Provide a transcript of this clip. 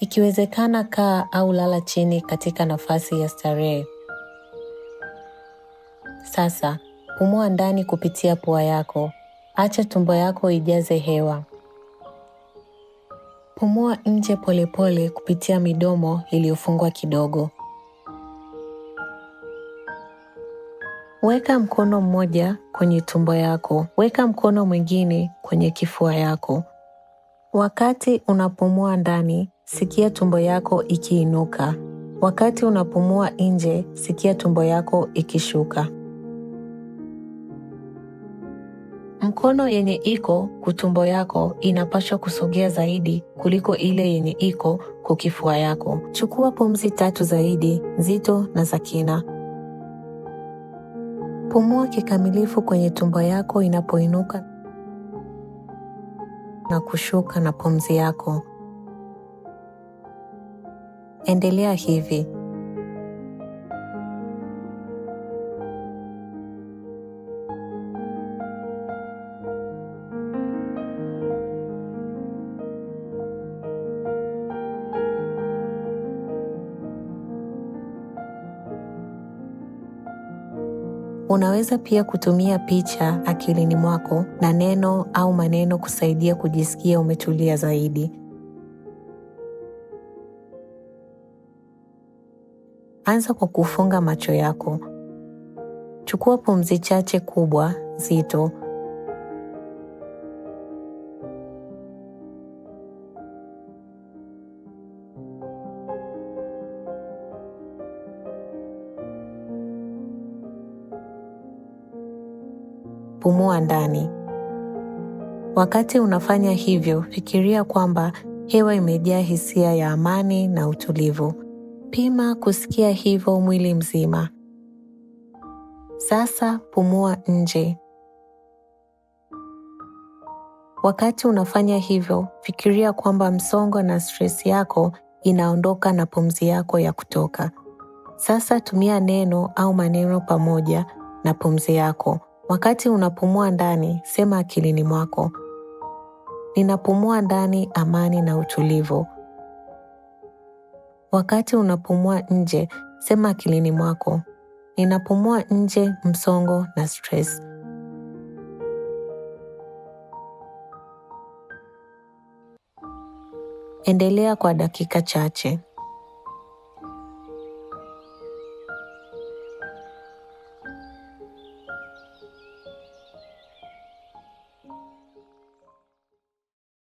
Ikiwezekana, kaa au lala chini katika nafasi ya starehe. Sasa pumua ndani kupitia pua yako, acha tumbo yako ijaze hewa. Pumua nje polepole kupitia midomo iliyofungwa kidogo. Weka mkono mmoja kwenye tumbo yako, weka mkono mwingine kwenye kifua yako. Wakati unapumua ndani, sikia tumbo yako ikiinuka. Wakati unapumua nje, sikia tumbo yako ikishuka. Mkono yenye iko kutumbo yako inapaswa kusogea zaidi kuliko ile yenye iko kukifua yako. Chukua pumzi tatu zaidi nzito na za kina. Pumua kikamilifu kwenye tumbo yako inapoinuka na kushuka na pumzi yako endelea hivi. Unaweza pia kutumia picha akilini mwako na neno au maneno kusaidia kujisikia umetulia zaidi. Anza kwa kufunga macho yako. Chukua pumzi chache kubwa, zito. Pumua ndani. Wakati unafanya hivyo, fikiria kwamba hewa imejaa hisia ya amani na utulivu. Pima kusikia hivyo mwili mzima. Sasa pumua nje. Wakati unafanya hivyo, fikiria kwamba msongo na stress yako inaondoka na pumzi yako ya kutoka. Sasa tumia neno au maneno pamoja na pumzi yako. Wakati unapumua ndani, sema akilini mwako, ninapumua ndani amani na utulivu. Wakati unapumua nje, sema akilini mwako, ninapumua nje msongo na stress. Endelea kwa dakika chache.